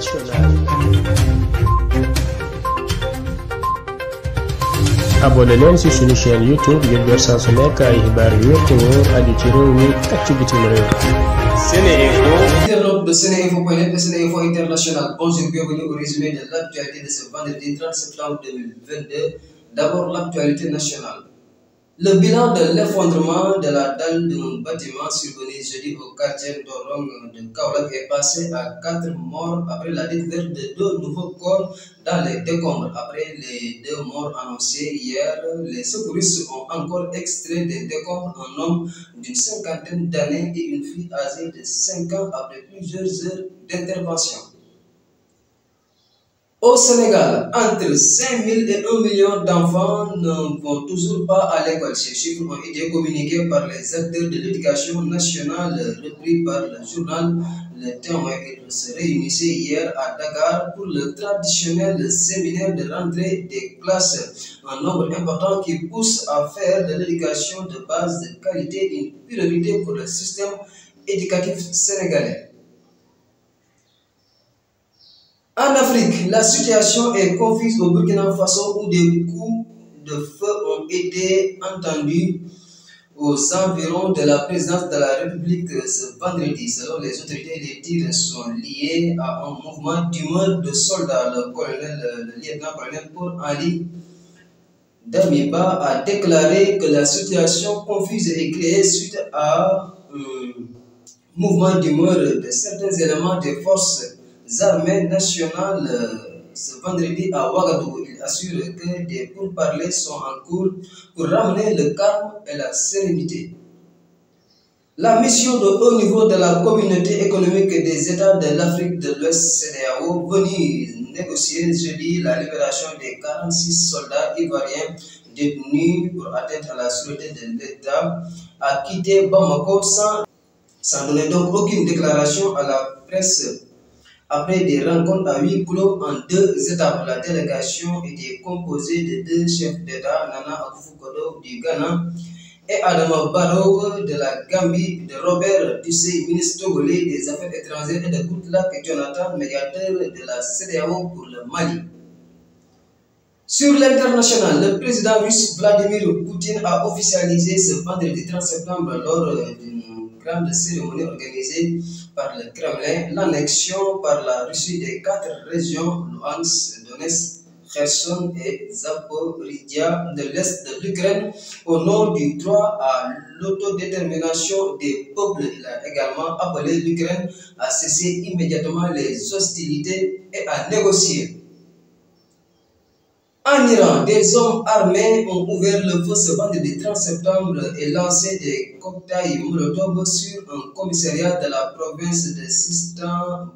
internationale. abonné leen ci suñu chaîne youtube ngir jot saa su nekk ay xibaar yu wér te wóor aju ci de SeneInfo.net International, bonjour, bienvenue au de l'actualité de ce vendredi 30 septembre 2022. D'abord l'actualité nationale. Le bilan de l'effondrement de la dalle d'un bâtiment survenu jeudi au quartier d'Orong de Kaolak est passé à quatre morts après la découverte de deux nouveaux corps dans les décombres. Après les deux morts annoncées hier, les secouristes ont encore extrait des décombres un homme d'une cinquantaine d'années et une fille âgée de 5 ans après plusieurs heures d'intervention. Au Sénégal, entre 5 000 et 1 million d'enfants ne vont toujours pas à l'école. Ces chiffres par les acteurs de l'éducation nationale, repris par le journal Le Témoin. Ils se réunissaient hier à Dakar pour le traditionnel séminaire de rentrée des classes. Un nombre important qui pousse à faire de l'éducation de base de qualité une priorité pour le système éducatif sénégalais. En Afrique, la situation est confuse au Burkina Faso où des coups de feu ont été entendus aux environs de la présidence de la République ce vendredi. Selon les autorités, les tirs sont liés à un mouvement d'humeur de soldats. Le, colonel, le lieutenant-colonel Paul Ali Damiba a déclaré que la situation confuse est créée suite à euh, mouvement d'humeur de certains éléments des forces armées nationales euh, ce vendredi Il assure que des pourparlers sont en pour ramener le calme et la sérénité. La mission de haut niveau de la communauté économique des États de l'Afrique de l'Ouest, CEDEAO, venue négocier jeudi la libération des 46 soldats ivoiriens détenus pour atteinte à la sûreté de l'État, a quitté Bamako sans, sans aucune déclaration à la presse Après des rencontres à huis clos en deux étapes, la délégation était composée de deux chefs d'État, Nana Akufo-Addo du Ghana et Adama Barrow de la Gambie, de Robert Dussey, ministre togolais des Affaires étrangères, et de Goodluck Jonathan, médiateur de la CEDEAO pour le Mali. Sur l'international, le président russe Vladimir Poutine a officialisé ce vendredi 30 septembre lors euh, d'une grande cérémonie organisée par le Kremlin l'annexion par la Russie des quatre régions Luhansk, Donetsk, Kherson et Zaporizhia de l'est de l'Ukraine au nom du droit l'autodétermination des peuples. également appelé l'Ukraine à cesser immédiatement les hostilités et à négocier En Iran, des hommes armés ont ouvert le feu vendredi septembre et lancé des cocktails Molotov sur un commissariat de la province de Sistan,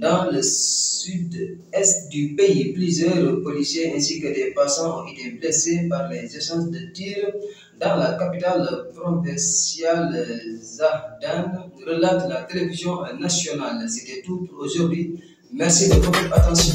dans le sud-est du pays. Plusieurs policiers ainsi que des passants ont été blessés par les échanges de tirs dans la capitale provinciale Zahdan, relate la télévision nationale. C'était tout pour aujourd'hui. Merci de votre attention.